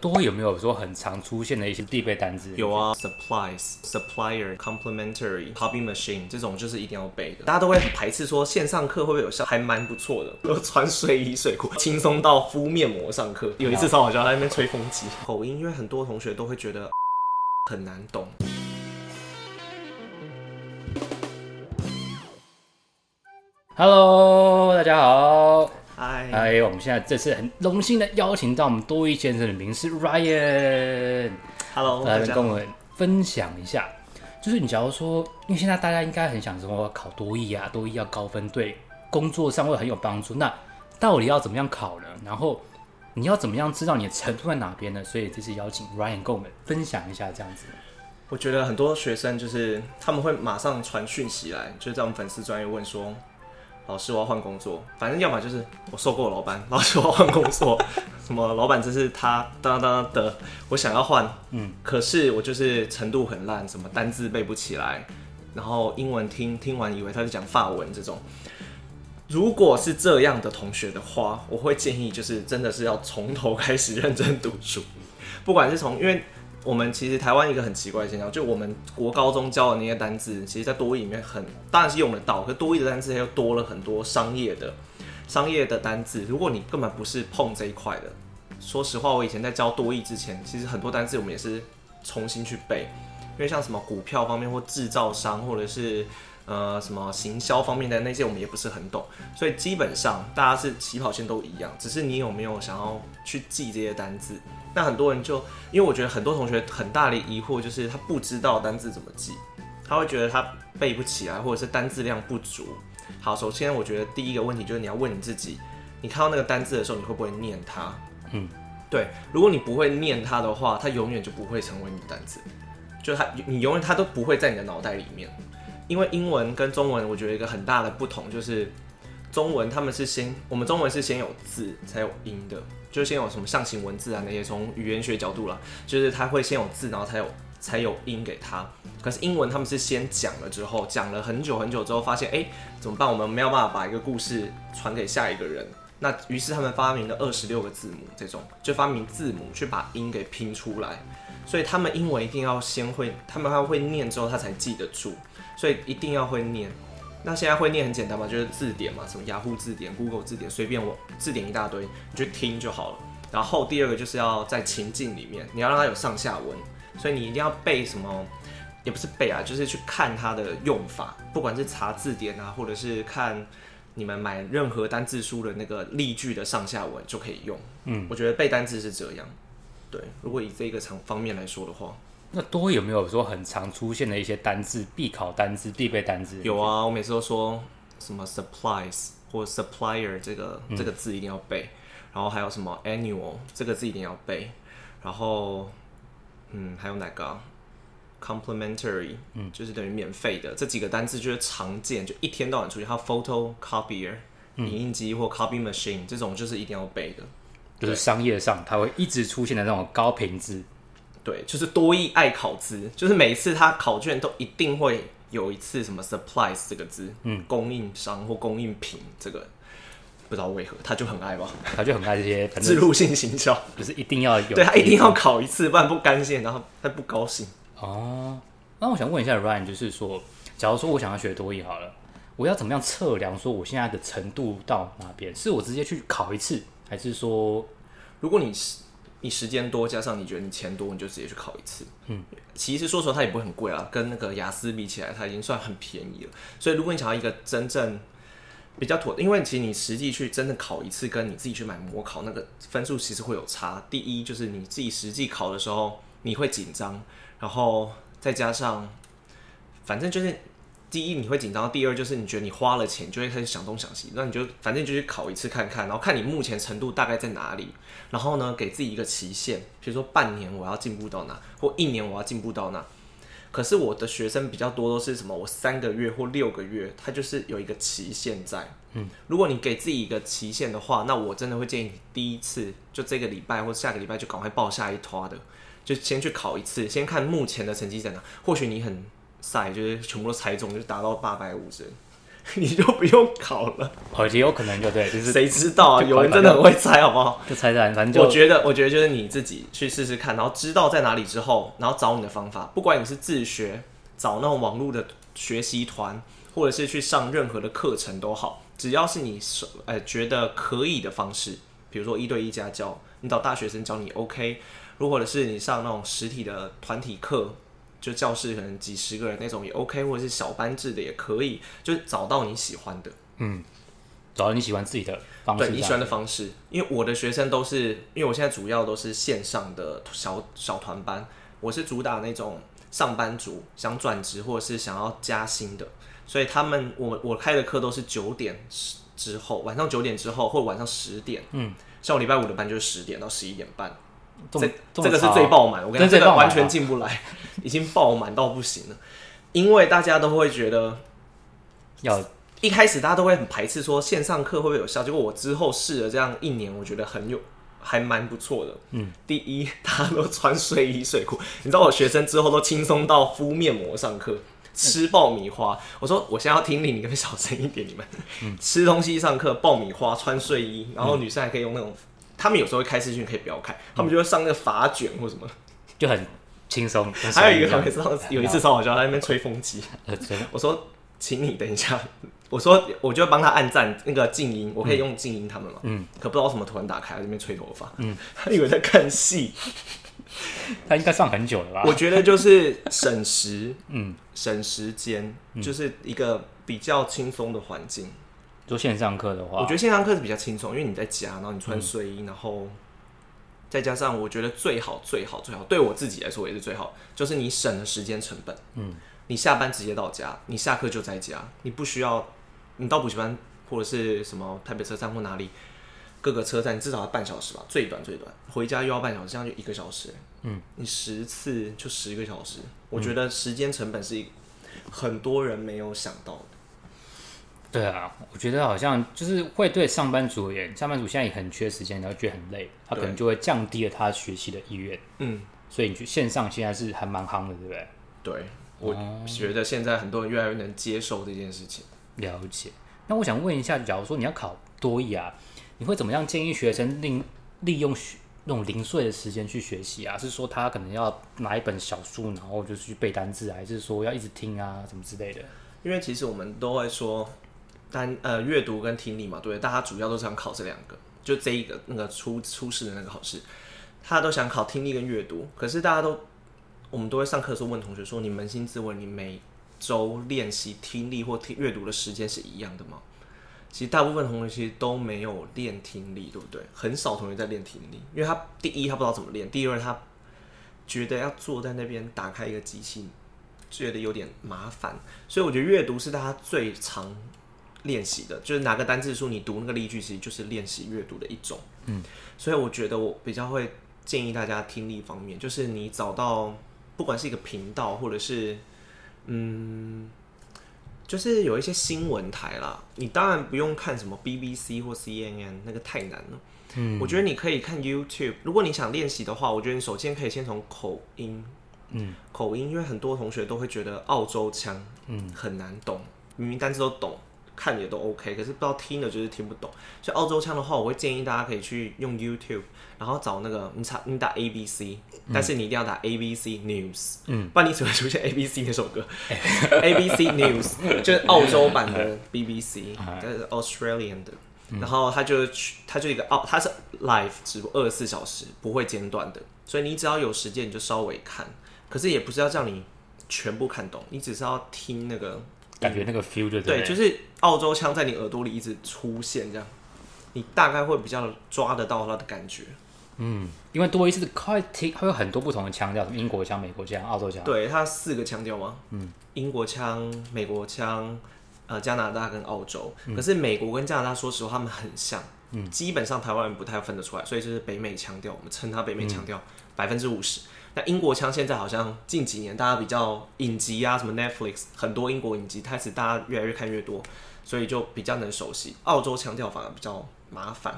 多有沒有說很常出現的一些必備單字？有啊，supplies、supplier, supplier、complimentary、copy machine 這種就是一定要背的。大家都會很排斥說線上課會不會有效？還蠻不錯的，都穿睡衣睡褲，輕鬆到敷面膜上課。有一次燒烤，我就在那邊吹風機、啊。口音因為很多同學都會覺得 很難懂。Hello，大家好。哎，我們現在這次很榮幸的邀請到我們多益先生的名師 Ryan，Hello，來跟我們分享一下。就是你，假如說，因為現在大家應該很想說考多益啊，多益要高分，對工作上會很有幫助。那到底要怎麼樣考呢？然後你要怎麼樣知道你的程度在哪邊呢？所以這次邀請 Ryan 跟我們分享一下這樣子。我覺得很多學生就是他們會馬上傳訊息來，就在我們粉絲專頁問說。老師，我要換工作，反正要麼就是我受夠老闆。老師，我要換工作， 什麼老闆真是他，當當的，我想要換，嗯。可是我就是程度很爛，什麼單字背不起來，然後英文聽聽完以為他是講法文這種。如果是這樣的同學的話，我會建議就是真的是要從頭開始認真讀書，不管是從因為。我們其實台灣一個很奇怪的現象，就我們國高中教的那些單字，其實在多益裡面很當然是用得到，可多益的單字它又多了很多商業的、商業的單字。如果你根本不是碰這一塊的，說實話，我以前在教多益之前，其實很多單字我們也是重新去背，因為像什麼股票方面或製造商或者是。呃，什麼行銷方面的那些，我們也不是很懂，所以基本上大家是起跑線都一樣，只是你有沒有想要去記這些單字？那很多人就，因為我覺得很多同學很大的疑惑就是他不知道單字怎麼記，他會覺得他背不起來，或者是單字量不足。好，首先我覺得第一個問題就是你要問你自己，你看到那個單字的時候，你會不會念它？嗯，對，如果你不會念它的話，它永遠就不會成為你的單字，就他你永遠他都不會在你的腦袋裡面。因為英文跟中文，我覺得一個很大的不同就是，中文他們是先，我們中文是先有字才有音的，就是先有什麼象形文字啊那些，從語言學角度啦，就是他會先有字，然後才有才有音給他。可是英文他們是先講了之後，講了很久很久之後，發現哎，怎麼辦？我們沒有辦法把一個故事傳給下一個人。那於是他們發明了二十六個字母，這種就發明字母去把音給拼出來。所以他們英文一定要先會，他們他會念之後他才記得住，所以一定要會念。那現在會念很簡單嘛，就是字典嘛，什麼雅虎字典、Google 字典，隨便我字典一大堆，你去聽就好了。然後第二個就是要在情境裡面，你要讓它有上下文，所以你一定要背什麼，也不是背啊，就是去看它的用法，不管是查字典啊，或者是看。你們買任何單字書的那個例句的上下文就可以用。嗯，我覺得背單字是這樣。對，如果以這個方面來說的話，那多有沒有說很常出現的一些單字，必考單字、必背單字？有啊，我每次都說什麼 supplies 或 supplier 這個這個字一定要背，然後還有什麼 annual 這個字一定要背，然後嗯，還有哪個啊？complimentary，嗯，就是等於免費的這幾個單字就是常見，就一天到晚出去。還有 photocopier、嗯、影印機或 copy machine 這種就是一定要背的，就是商業上它會一直出現的那種高頻字，對，就是多益愛考字，就是每次他考卷都一定會有一次什麼 supplies 這個字，嗯，供應商或供應品這個，不知道為何他就很愛吧， 他就很愛這些。植 入性行銷， 就是一定要有，對他一定要考一次，不然不甘心，然後他不高興。哦，那我想問一下 Ryan，就是說，假如說我想要學多一多益好了，我要怎麼樣測量說我現在的程度到哪邊？是我直接去考一次，還是說，如果你時你時間多，加上你覺得你錢多，你就直接去考一次？嗯，其實說實話，它也不會很貴啊，跟那個雅思比起來，它已經算很便宜了。所以如果你想要一個真正比較妥，因為其實你實際去真的考一次，跟你自己去買模考那個分數其實會有差。第一就是你自己實際考的時候，你會緊張。然後再加上，反正就是第一你會緊張，第二就是你覺得你花了錢就會開始想東想西，那你就反正就去考一次看看，然後看你目前程度大概在哪裡，然後呢，給自己一個期限，比如說半年我要進步到哪，或一年我要進步到哪。可是我的學生比較多都是什麼，我三個月或六個月，他就是有一個期限在。嗯，如果你給自己一個期限的話，那我真的會建議你第一次就這個禮拜或下個禮拜就趕快報下一托的。就先去考一次，先看目前的成績在哪。或許你很賽，就是全部都猜中，就是達到八百五十，你就不用考了。哦，也有可能，就對，就是誰知道、啊考一考一考，有人真的很會猜，好不好？就猜得很反正我覺得，我覺得就是你自己去試試看，然後知道在哪裡之後，然後找你的方法。不管你是自學，找那種網絡的學習團，或者是去上任何的課程都好，只要是你呃覺得可以的方式，比如說一對一家教，你找大學生教你，OK。或者是你上那種實體的團體課，就教室可能幾十個人那種也 OK，或者是小班制的也可以，就找到你喜歡的，嗯，找到你喜歡自己的方式，對，你喜歡的方式。因為我的學生都是，因為我現在主要都是線上的小小團班，我是主打那種上班族想轉職或者是想要加薪的，所以他們我我開的課都是九點之後，晚上九點之後或晚上十點，嗯，像我禮拜五的班就是十點到十一點半。這這個是最爆滿，我跟你講，跟這個完全進不來， 已經爆滿到不行了。因為大家都會覺得，要一開始大家都會很排斥說線上課會不會有效。結果我之後試了這樣一年，我覺得很有，還蠻不錯的。嗯，第一，大家都穿睡衣睡褲，你知道我學生之後都輕鬆到敷面膜上課，吃爆米花。嗯、我說我現在要聽力你可不可以小聲一點？你們、嗯、吃東西上課，爆米花穿睡衣，然後女生還可以用那種。他們有時候會開視訊，可以不要開。嗯、他們就會上那個發卷或什麼，就很輕鬆、嗯。還有一個，他有一次，超好笑，他在那邊吹風機、嗯。我說：“請你等一下。”我說：“我就要幫他按讚那個靜音，我可以用靜音他們嘛。嗯嗯”可不知道什麼突然打開他在那邊吹頭髮，嗯，他以為在看戲。他應該上很久了吧？我覺得就是省時，嗯，省時間、嗯，就是一個比較輕鬆的環境。做線上課的話，我覺得線上課是比較輕鬆，因為你在家，然後你穿睡衣、嗯，然後再加上我覺得最好最好最好，對我自己來說也是最好，就是你省了時間成本。嗯，你下班直接到家，你下課就在家，你不需要你到補習班或者是什麼台北車站或哪裡各個車站，你至少要半小時吧，最短最短回家又要半小時，這樣就一個小時。嗯，你十次就十個小時，我覺得時間成本是一、嗯、很多人沒有想到的。對啊，我覺得好像就是會對上班族而言，上班族現在也很缺時間，然後覺得很累，他可能就會降低了他學習的意願。嗯，所以你去線上現在是還蠻夯的，對不對？對，我覺得現在很多人越來越能接受這件事情。啊，了解。那我想問一下，假如說你要考多益啊，你會怎麼樣建議學生利利用那種零碎的時間去學習啊？是說他可能要拿一本小書，然後就是去背單字，還是說要一直聽啊，什麼之類的？因為其實我們都會說。單呃閱讀跟聽力嘛，對，大家主要都是想考這兩個，就這一個那個初初試的那個考試，他都想考聽力跟閱讀。可是大家都，我們都會上課的時候問同學說，你捫心自問，你每周練習聽力或聽閱讀的時間是一樣的嗎？其實大部分同學其實都沒有練聽力，對不對？很少同學在練聽力，因為他第一他不知道怎麼練，第二他覺得要坐在那邊打開一個機器，覺得有點麻煩，所以我覺得閱讀是大家最常。練習的就是哪個單字書，你讀那個例句，其實就是練習閱讀的一種。嗯，所以我覺得我比較會建議大家聽力方面，就是你找到不管是一個頻道，或者是嗯，就是有一些新聞台啦。你當然不用看什麼 BBC 或 CNN，那個太難了。嗯，我覺得你可以看 YouTube。如果你想練習的話，我覺得你首先可以先從口音，嗯，口音，因為很多同學都會覺得澳洲腔，嗯，很難懂，嗯，明明單字都懂。看也都 OK，可是不知道聽的就是聽不懂。所以澳洲腔的話，我會建議大家可以去用 YouTube，然後找那個你打你打 ABC，、嗯、但是你一定要打 ABC News，、嗯、不然你只會出現 ABC 那首歌。欸、ABC News 就是澳洲版的 BBC，但、欸、是 Australian 的、欸。然後它就它就一個澳，它是 live 直播二十四小時不會間斷的，所以你只要有時間你就稍微看，可是也不是要叫你全部看懂，你只是要聽那個。感覺那個 feel 就對。嗯，對，就是澳洲腔在你耳朵裡一直出現這樣，你大概會比較抓得到它的感覺。嗯，因為多一次的 quality，會有很多不同的腔調，什麼英國腔、美國腔、嗯、澳洲腔。對，它四個腔調嘛。嗯，英國腔、美國腔、呃，加拿大跟澳洲。可是美國跟加拿大，說實話，他們很像，嗯，基本上台灣人不太分得出來，所以就是北美腔調，我們稱它北美腔調，百分之五十。但英國腔現在好像近幾年大家比較影集啊，什麼 Netflix 很多英國影集開始大家越來越看越多，所以就比較能熟悉。澳洲腔調反而比較麻煩。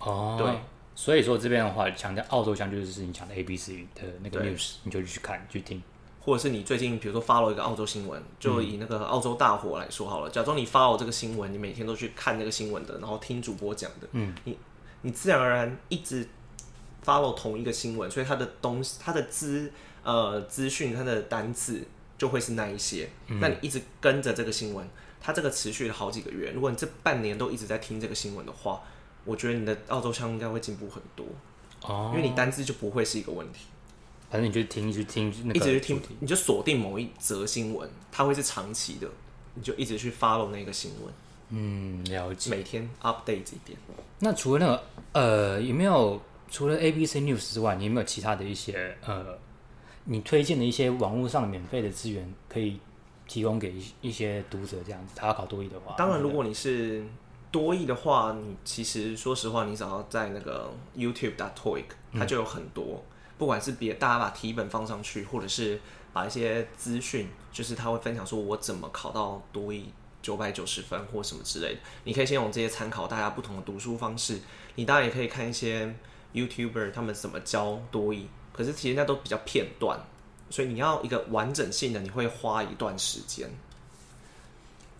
哦，對，所以說這邊的話，強調澳洲腔就是你講的 A B C 的那個 news，你就去看去聽，或者是你最近比如說 follow 一個澳洲新聞，就以那個澳洲大火來說好了，嗯、假裝你 follow 這個新聞，你每天都去看那個新聞的，然後聽主播講的，嗯，你你自然而然一直。follow 同一個新聞，所以它的東西、它的資、呃資訊、它的單字就會是那一些。嗯、那你一直跟着這個新聞，它這個持續了好幾個月。如果你這半年都一直在聽這個新聞的話，我覺得你的澳洲腔應該會進步很多哦，因為你單字就不會是一個問題。反正你就聽，就聽、那個，一直去聽，聽你就鎖定某一則新聞，它會是長期的，你就一直去 follow 那個新聞。嗯，了解。每天 update 一點。那除了那個，呃，有沒有？除了 ABC News 之外，你有沒有其他的一些呃，你推薦的一些網絡上的免費的資源可以提供給一一些讀者？這樣子，他要考多益的話，當然，如果你是多益的話，你其實說實話，你只要在那個 YouTube dot TOEIC，它就有很多，嗯、不管是別大家把題本放上去，或者是把一些資訊，就是他會分享說，我怎麼考到多益九百九十分或什麼之類的。你可以先用這些參考大家不同的讀書方式，你當然也可以看一些。YouTuber 他們怎麼教多益，可是其實那都比較片段，所以你要一個完整性的，你會花一段時間。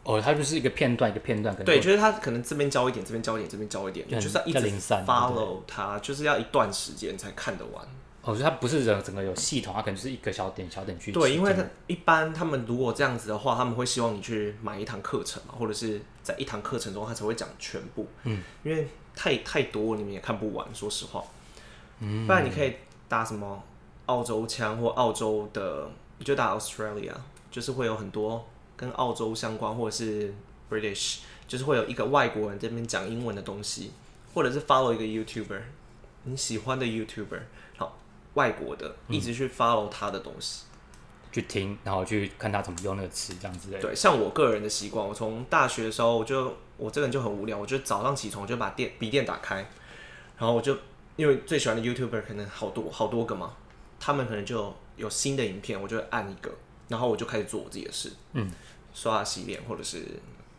哦，他就是一個片段，一個片段。可能對，就是他可能這邊教一點，這邊教一點，這邊教一點，就是一直 follow 03, 他，他就是要一段時間才看得完。哦，所以它不是整整個有系統，它可能是一個小點小點去。對，因為他一般他們如果這樣子的話，他們會希望你去買一堂課程嘛，或者是。在一堂課程中，他才會講全部。嗯，因為太太多，你們也看不完。說實話，嗯，不然你可以打什麼澳洲腔或澳洲的，你就打 Australia，就是會有很多跟澳洲相關，或者是 British，就是會有一個外國人這邊講英文的東西，或者是 follow 一個 YouTuber，你喜歡的 YouTuber，好，外國的，一直去 follow 他的東西。嗯去聽，然後去看他怎麼用那個詞，這樣之類的。對，像我個人的習慣，我從大學的時候，我就我這個人就很無聊，我就早上起床，我就把電筆電打開，然後我就因為最喜歡的 YouTuber 可能好多好多個嘛，他們可能就有，有新的影片，我就會按一個，然後我就開始做我自己的事，嗯，刷牙洗臉，或者是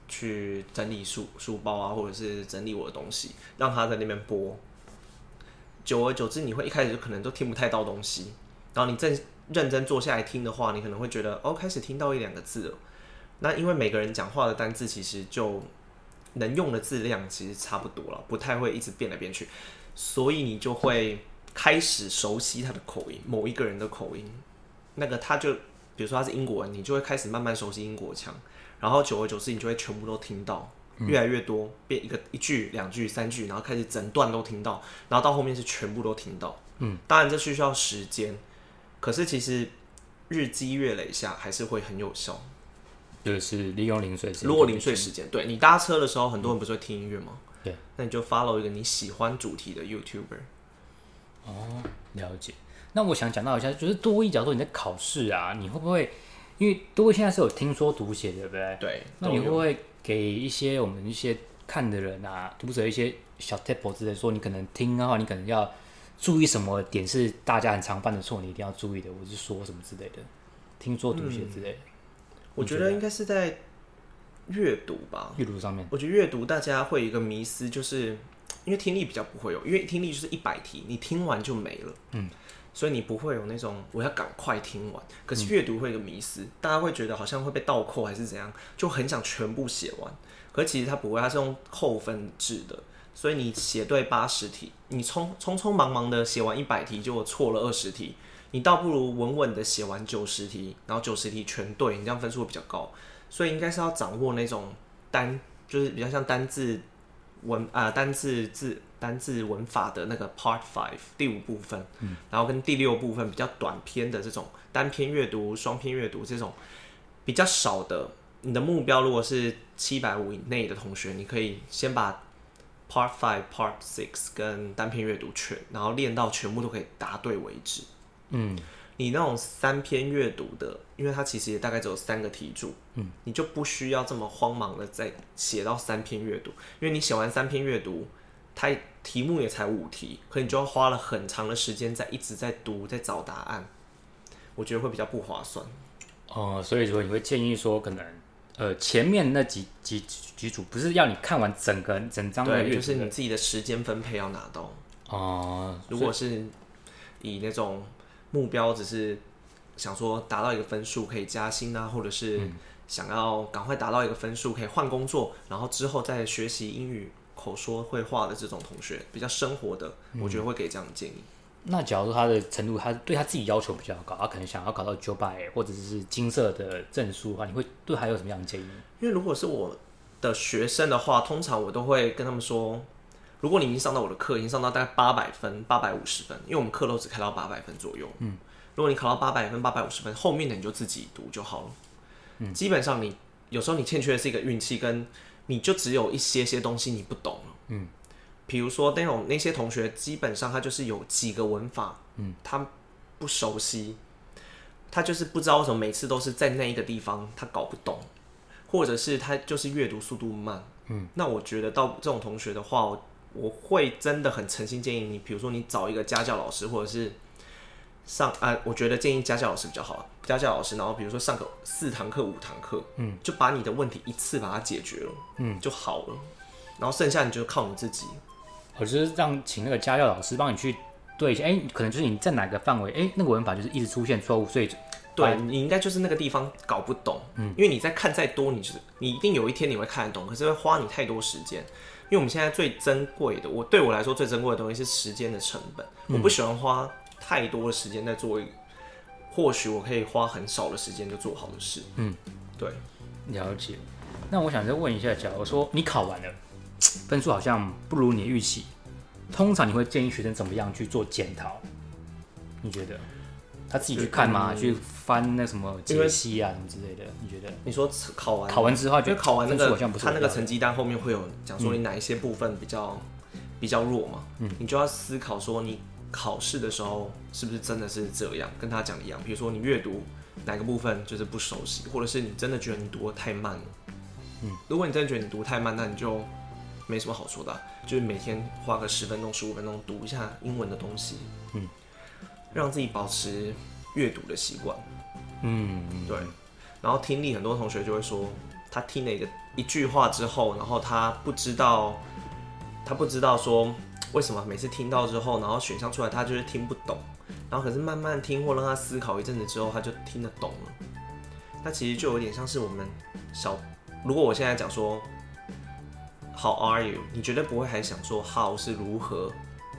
去整理書書包啊，或者是整理我的東西，讓他在那邊播。久而久之，你會一開始就可能都聽不太到東西。然後你正認真坐下來聽的話，你可能會覺得哦，開始聽到一兩個字了。那因為每個人講話的單字其實就能用的字量其實差不多了，不太會一直變來變去，所以你就會開始熟悉他的口音，某一個人的口音。那個他就比如說他是英國人，你就會開始慢慢熟悉英國腔。然後久而久之，你就會全部都聽到、嗯、越來越多，變一個一句、兩句、三句，然後開始整段都聽到。然後到後面是全部都聽到。嗯，當然這需要時間。可是其實日積月累下還是會很有效。就是利用零碎時。如果零碎時間，對你搭車的時候，很多人不是會聽音樂嗎？對，那你就 follow 一個你喜歡主題的 YouTuber。哦，了解。那我想講到一下，就是多益角度，說你在考試啊，你會不會因為，多益現在是有聽說讀寫，對不對？對。那你會不會給一些我們一些看的人啊，讀者一些小 Tips 之類的？說你可能聽的話，你可能要。注意什麼點是大家很常犯的錯？你一定要注意的，我是說什麼之類的，聽說讀寫之類的、嗯。我覺得應該是在閱讀吧，閱讀上面。我覺得閱讀大家會有一個迷思，就是因為聽力比較不會有，因為聽力就是一百題，你聽完就沒了，嗯，所以你不會有那種我要趕快聽完。可是閱讀會有一個迷思、嗯，大家會覺得好像會被倒扣還是怎樣，就很想全部寫完，可是其實它不會，它是用扣分制的。所以你寫對八十題，你匆匆匆忙忙的寫完一百題就錯了二十題，你倒不如穩穩的寫完九十題，然後九十題全對，你這樣分數會比較高。所以應該是要掌握那種單，就是比較像單字文啊、呃、單字字單字文法的那個 Part Five 第五部分，嗯，然後跟第六部分比較短篇的這種單篇閱讀、雙篇閱讀，這種比較少的。你的目標如果是七百五以內的同學，你可以先把。Part Five、Part Six 跟單篇閱讀全，然後練到全部都可以答對為止。嗯，你那種三篇閱讀的，因為它其實也大概只有三個題組，嗯，你就不需要這麼慌忙的再寫到三篇閱讀，因為你寫完三篇閱讀，它題目也才五題，可你就要花了很長的時間在一直在讀，在找答案，我覺得會比較不划算。哦，所以說你會建議說可能。呃，前面那幾幾幾組不是要你看完整個整張，對，就是你自己的時間分配要拿到哦。如果是以那種目標，只是想說達到一個分數可以加薪啊，或者是想要趕快達到一個分數可以換工作，嗯、然後之後再學習英語口說會話的這種同學，比較生活的，我覺得會給這樣的建議。嗯那假如說他的程度，他對他自己要求比較高，他、啊、可能想要考到九百，或者是金色的證書的話，你會對他還有什麼樣的建議？因為如果是我的學生的話，通常我都會跟他們說，如果你已經上到我的課，已經上到大概八百分、八百五十分，因為我們課都只開到八百分左右。嗯，如果你考到八百分、八百五十分，後面的你就自己讀就好了。嗯，基本上你有時候你欠缺的是一個運氣，跟你就只有一些些東西你不懂，嗯。比如說那種那些同學，基本上他就是有幾個文法，嗯，他不熟悉，他就是不知道為什麼每次都是在那一個地方，他搞不懂，或者是他就是閱讀速度慢，嗯，那我覺得到這種同學的話，我會真的很誠心建議你，比如說你找一個家教老師，或者是上啊、呃，我覺得建議家教老師比較好，家教老師，然後比如說上個四堂課、五堂課，嗯，就把你的問題一次把它解決了，嗯，就好了，然後剩下你就靠你自己。我就是讓請那個家教老師幫你去對一下，哎、欸，可能就是你在哪個範圍，哎、欸，那個文法就是一直出現錯誤，所以對你應該就是那個地方搞不懂，嗯，因為你在看再多，你、就是你一定有一天你會看得懂，可是會花你太多時間，因為我們現在最珍貴的，我對我來說最珍貴的東西是時間的成本、嗯，我不喜歡花太多的時間在做一，或許我可以花很少的時間就做好的事，嗯，對，了解，那我想再問一下，假如說你考完了。分數好像不如你的預期。通常你會建議學生怎麼樣去做檢討？你覺得他自己去看嗎？嗯、去翻那什麼解析啊什麼之類的？你覺得？你說考完考完之後，覺得考完那、這個他那個成績單後面會有講說你哪一些部分比較、嗯、比較弱嘛？嗯，你就要思考說你考試的時候是不是真的是這樣，跟他講一樣。比如說你閱讀哪個部分就是不熟悉，或者是你真的覺得你讀得太慢了。嗯，如果你真的覺得你讀得太慢，那你就。沒什麼好說的啊，就是每天花個十分鐘、十五分鐘讀一下英文的東西，嗯，讓自己保持閱讀的習慣，嗯，對。然後聽力，很多同學就會說，他聽了一個一句話之後，然後他不知道，他不知道說為什麼每次聽到之後，然後選項出來他就是聽不懂，然後可是慢慢聽或讓他思考一陣子之後，他就聽得懂了。那其實就有點像是我們小，如果我現在講說。How are you？你絕對不會還想說 How 是如何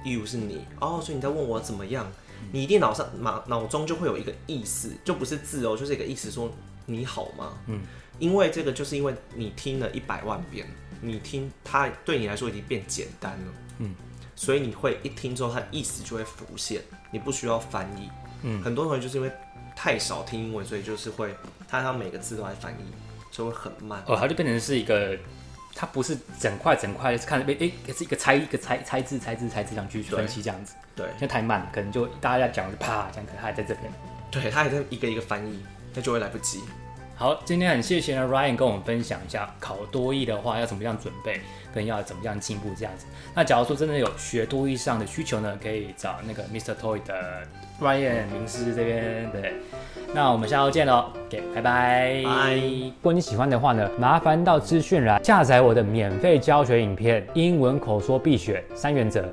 ，you 是你哦，oh, 所以你在問我怎麼樣？你一定腦上腦腦中就會有一個意思，就不是字哦，就是一個意思說你好嗎？嗯，因為這個就是因為你聽了一百萬遍，你聽它對你來說已經變簡單了。嗯，所以你會一聽之後，它的意思就會浮現，你不需要翻譯。嗯，很多同學就是因為太少聽英文，所以就是會他他每個字都來翻譯，所以會很慢。哦，他就變成是一個。它不是整塊整塊，是看那誒、欸欸，也是一個猜一個猜猜，猜字猜字猜字，想去分析這樣子。對，對像太慢，可能就大家在講就啪，樣可能他還在這邊，對他還在一個一個翻譯，那就會來不及。好，今天很謝謝呢，Ryan 跟我們分享一下考多益的話要怎麼樣準備，跟要怎麼樣進步這樣子。那假如說真的有學多益上的需求呢，可以找那個 Mr. TOEIC 的 Ryan 名師這邊，對。那我們下周見嘍，OK，拜拜。拜。如果你喜歡的話呢，麻煩到資訊欄下載我的免費教學影片《英文口說必學三原則》。